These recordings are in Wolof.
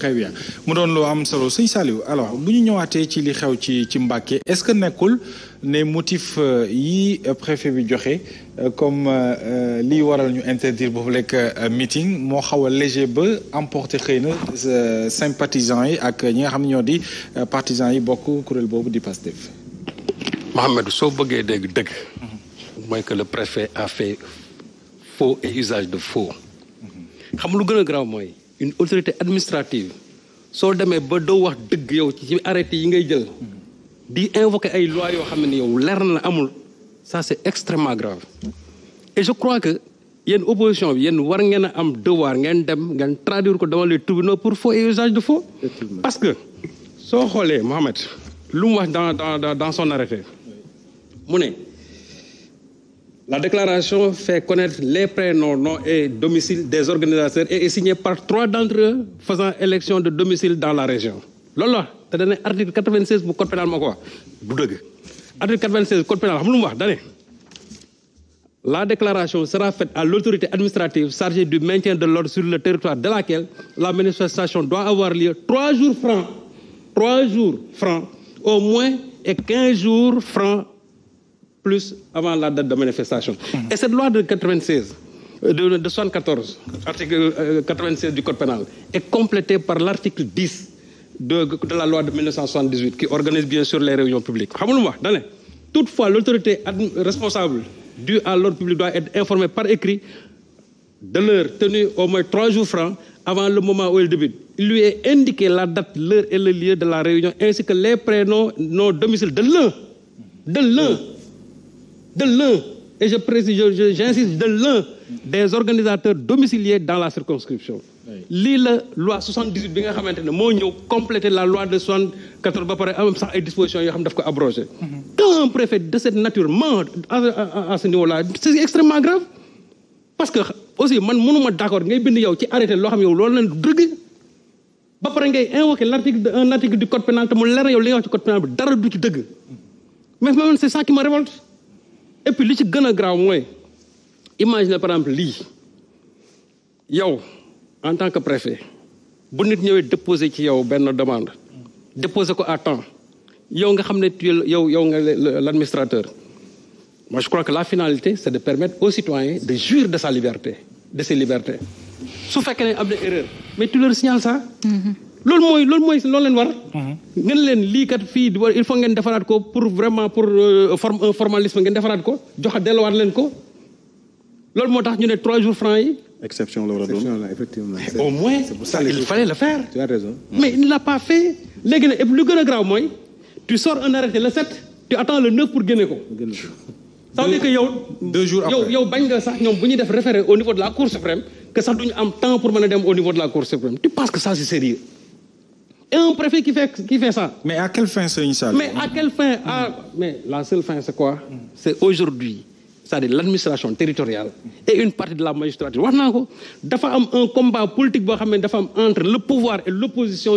très bien mu doon lo am solo seigne Saliou alors bu ñu ñëwaatee ci li xew ci ci Mbàkke est-ce que nekkul ne motif euh, yi préfet bi joxe euh, comme euh, li waral ñu interdire boobu lekk meeting moo xaw a léger ba emporter xëy na sympathisants yi ak ñi nga xam ne ñoo di partisans yi bokk kuréel boobu di Pastef. Mohamed soo bëggee dégg dëgg. mooy que le préfet a fait faux et usage de faux. Mhm. xam lu gën a grave mooy. une autorité administrative soo demee ba doo wax dëgg yow ci arrêté yi ngay jël di invoquer ay lois yoo xam ne yow leer na amul ça c'est extrêmement grave et je crois que yéen opposition bi yéen war ngeen am devoir ngeen dem ngeen traduire ko devant les tribunaux pour faux et usage de faux parce que soo xoolee Mohamed lu mu wax dans dans dans son arrêté mu ne La déclaration fait connaître les prénoms, noms et domiciles des organisateurs et est signée par trois d'entre eux faisant élection de domicile dans la région. Lola, tu as donné 96 le code pénal du article 96 code pénal la déclaration sera faite à l'autorité administrative chargée du maintien de l'ordre sur le territoire de laquelle la manifestation doit avoir lieu trois jours francs trois jours francs au moins et quinze jours francs plus avant la date de manifestation. Et cette loi de 96, euh, de, 74, article 96 euh, du Code pénal, est complétée par l'article 10 de, la loi de 1978 qui organise bien sûr les réunions publiques. Toutefois, l'autorité responsable due à l'ordre public doit être informée par écrit de l'heure tenue au moins trois jours francs avant le moment où elle débute. Il lui est indiqué la date, l'heure et le lieu de la réunion ainsi que les prénoms, nos domiciles de l'un. De l'un de l'un, et je précise, j'insiste, de l'un des organisateurs domiciliés dans la circonscription. lii la loi 78 bi nga xamante ne compléter la loi de 74 ba pare am sax ay dispositions yoo xam daf abrogé. Mhm. quand un préfet de cette nature ment à ce niveau là c'est extrêmement grave. parce que aussi man mënuma d'accord accord ngay bind yow ci arrêté loo xam yow loolu lañ dëgg ba pare ngay invoquer l'article, article un article du code pénal te mu leer yow li nga wax ci code pénal bi dara du ci dëgg mais man c'est ça qui me révolte et puis li ci gëna graw imagine par exemple lui. en tant que préfet bu nit ñëwé déposer ci yow ben demande déposer ko à temps yow nga xamné yow yow nga l'administrateur moi je crois que la finalité c'est de permettre aux citoyens de jouir de sa liberté de ses libertés Sauf qu'il y a des erreur mais tu leur signales ça mm-hmm loolu mooy loolu mooy loolu leen war. Mhm. ngeen leen lii kat fii il faut ngeen defaraat ko pour vraiment pour euh, form un formalisme ngeen defaraat ko jox delluwaat leen ko loolu moo tax ñu ne trois jours francs yi. exception la war a doon effectivement. au moins il fallait le faire. tu as raison. mais il ne l'a pas fait. léegi nag et lu gën a grave mooy tu sors un arrêté le 7 tu attends le 9 pour génne ko. ça veut dire que yow. deux jours après yow yow bañ nga sax ñoom bu ñuy def référé au niveau de la cour suprême que sax duñu am temps pour mën a dem au niveau de la cour suprême tu penses que ça c'est sérieux et un préfet qui fait, qui fait ça. Mais à quelle fin, c'est une salle Mais à quelle fin mmh. Mais la seule fin, c'est quoi C'est aujourd'hui, c'est-à-dire l'administration territoriale et une partie de la magistrature. Il y a un combat politique entre le pouvoir et l'opposition.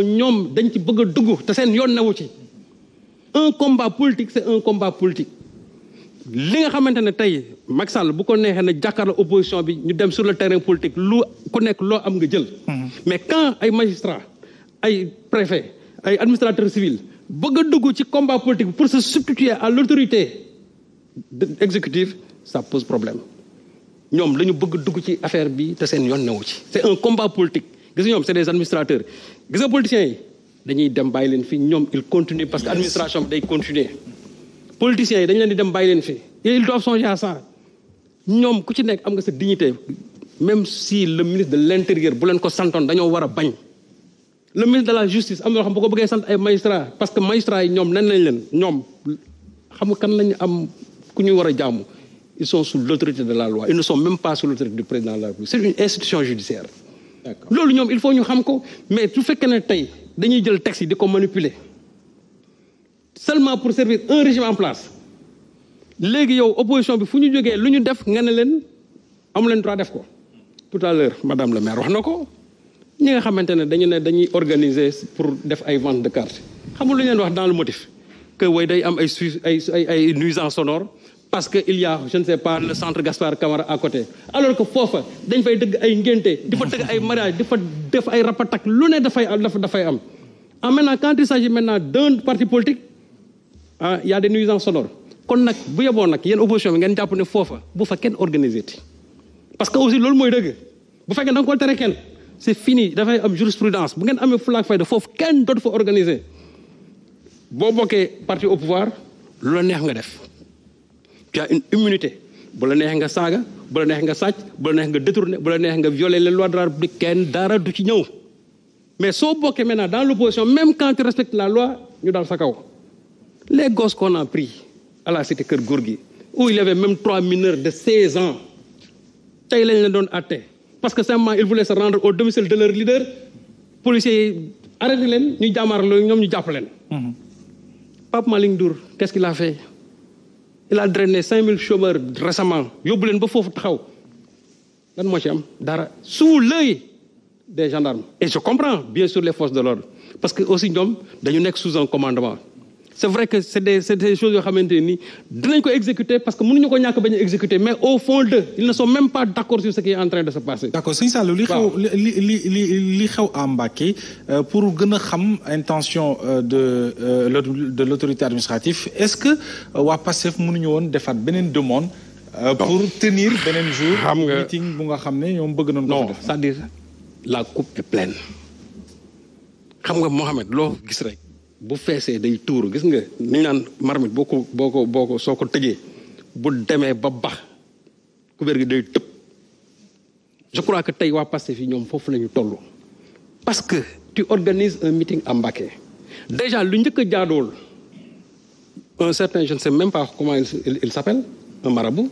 Un combat politique, c'est un combat politique. li nga xamante ne tey Macky Sall bu ko le ne jàkkaarloo opposition bi sur le terrain politique Vous connaissez nekk loo am nga hmm. mais quand ay magistrats ay préfet ay administrateur civil bëgg a dugg ci combat politique pour se substituer à l'autorité exécutive ça pose problème ñom dañu bëgg dugg ci affaire bi c'est un combat politique gis ñom c'est des administrateurs Les politiciens dañuy dem ils continuent parce que l'administration continue. day continuer politiciens leen di dem ils doivent songer à ça Nous, ku ci nek am dignité même si le ministre de l'intérieur bu leen ko santone dañoo wara bañ le ministre de la justice am na xam bu ko bëggee sant ay magistrats parce que magistrats yi ñoom nen nañ leen ñoom xam kan lañu am ku ñu war a jaamu ils sont sous l'autorité de la loi ils ne sont même pas sous l'autorité du président de la République c'est une institution judiciaire loolu ñoom il faut ñu xam ko mais su fekkee ne tey dañuy jël texte yi di ko manipuler seulement pour servir un régime en place léegi yow opposition bi fu ñu jógee lu ñu def nga ne leen amu leen droit def ko tout à l'heure madame le maire wax na ko ñi nga xamante ne dañu ne dañuy organiser pour def ay vente de carte xamul lu leen wax dans le motif que way day am ay su ay ay nuisance sonore parce que il y a je ne sais pas le centre Gaspard Camara à côté alors que fofa dañ fay deug ay ngenté di fa dëgg ay mariage di fa def ay rapatak lu ne dafay fay am en ah, maintenant quand il s'agit maintenant d'un parti politique ah y a des nuisances sonores kon nak bu yeboon nak yeen opposition ngeen japp ne fofa bu fa kenn organiser parce que aussi loolu moy deug bu fekkee da nga ko tere kenn c'est fini a am jurisprudence bu ngeen amee fulaak fayda foofu kenn dootu fa organiser vous êtes parti au pouvoir lu la neex nga def tu as une immunité bu la neex nga saaga bu la neex nga sàcc bu la neex nga détourner bu la neex nga violer les lois de la République kenn dara du ci ñëw mais vous êtes maintenant dans l'opposition même quand tu respectes la loi ñu dans sa kaw les gosses qu'on a pris à la cité Kër Gorgui où il y avait même trois mineurs de 16 ans tey lañ la doon àtte parce que simplement ils voulaient se rendre au domicile de leur leader policiers arrêtez arrêté nous ñu jàmmaarloo ñoom mhm. Pape qu'est-ce qu'il a fait il a drainé 5000 chômeurs récemment Il a ba faire taxaw lan sous l'œil des gendarmes et je comprends bien sûr les forces de l'ordre parce que aussi nous dañu sous un commandement c'est vrai que c'est des des choses que xamante ni dinañ ko exécuter parce que nous ko ñàkk exécuter mais au fond de ils ne sont même pas d'accord sur ce qui est en train de se passer. d'accord c'est ça, li xew li euh, pour que intention euh, euh, de l'autorité administrative est-ce que waa Pastef mënuñu woon faire une demande. pour tenir un jour. meeting non c'est-à-dire la coupe est pleine. xam nga Mohamed loo gis rek bu fessé day tour gis nga ni je crois que tu wa passer fi ñom fofu lañu tollu parce que tu organises un meeting en bas. déjà lu njëkk a un certain je ne sais même pas comment il s'appelle un marabout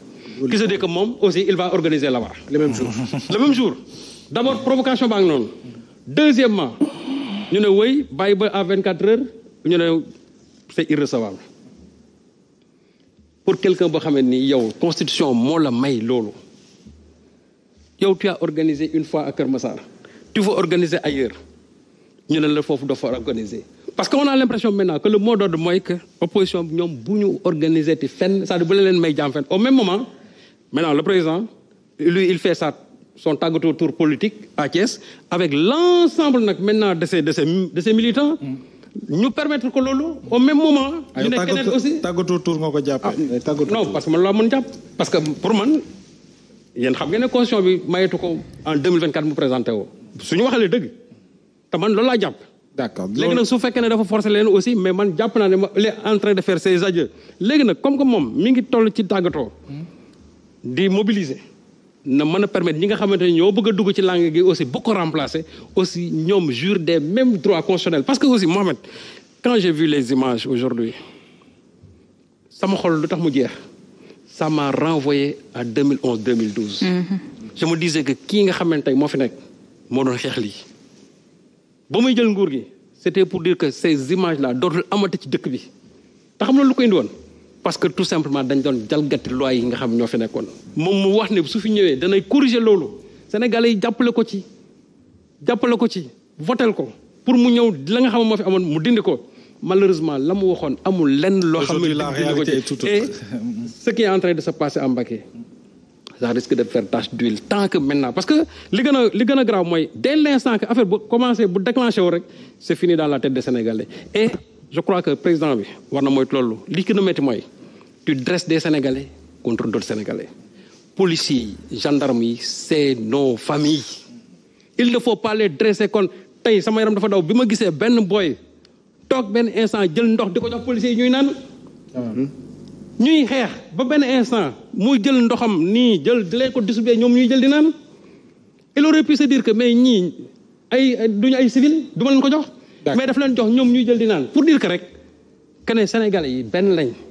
qui se dit que aussi il va organiser là-bas le même jour le même jour d'abord provocation banque non. deuxièmement ñu ne wey à 24 heures ñu c'est irrecevable pour quelqu'un boo xamante ni yow constitution moo la may loolu yow tu as organisé une fois à Kermassar. tu veux organiser ailleurs ñu ne la foofu dafa organiser parce que on a l'impression maintenant que le mot d'ordre mooy que opposition bi ñoom organiser ti fenn c'est-à-dire bu leen may jaam fenn au même moment maintenant le président lui il fait ça son tour politique à Thiès avec l'ensemble maintenant de ses de de militants. Mm. ñu permettre ko loolu au même moment. ñu ne keneen aussi tàggatoo tour nga ko jàppee. Ah, non parce que man laa mën jàpp. parce que pour man yéen xam ngeen ne constitution bi mayetu ko en 2024 mu présenté su ñu waxalee dëgg te man loolu laa jàpp. d'accord léegi nag su fekkee ne dafa forcer leen aussi mais man jàpp naa ne ma il est de faire ses adieux léegi nag comme que moom mi ngi toll ci tàggatoo. di mobiliser. na mën a permettre ñi nga xamante ne ñoo bëgg a dugg ci langue gi aussi bu ko remplacer aussi ñoom jure des mêmes droits constitutionnels parce que aussi Mohamed quand j'ai vu les images aujourd'hui sama xol lu tax mu jeex ça m'a renvoyé à 2011 2012. Mm-hmm. je me disais que kii nga xamante ne moo fi nekk moo doon xeex lii ba muy jël nguur gi c'était pour dire que ces images là dootul amati ci dëkk bi te xam lu ko indi woon parce que tout simplement dañ doon jalgati loi yi nga xam ñoo fi nekkoon moom mu wax ne su fi ñëwee danay corriger loolu sénégalais yi jàppale ko ci jàppale ko ci votel ko pour mu ñëw la nga xam moo fi amoon mu dindi ko malheureusement la mu waxoon amul lenn loo xam ne ko ci et ce qui est en train de se passer à Mbacké ça risque de faire tache d'huile tant que maintenant parce que li gën a li gën a grave mooy dès l'instant que affaire bu commencé bu déclenché wu rek c'est fini dans la tête des sénégalais et je crois que président bi war na moytu loolu li gën a métti mooy tu dresses des Sénégalais contre d'autres Sénégalais. Policiers, gendarmerie, c'est nos familles. Il ne faut pas les dresser contre. tey sama yaram dafa daw bi ma gisee boy tok ben benn instant jël ndox di ko jox policiers yi ñuy naan. Hmm? ñuy xeex ba benn instant muy jël ndoxam nii jël di leen ko distribuer ñoom ñuy jël di naan. il aurait pu se dire que mais ñii ay duñu ay civil duma len ko jox. mais daf len jox ñom ñuy jël di nan, pour dire que rek que né Sénégalais yi ben lañ.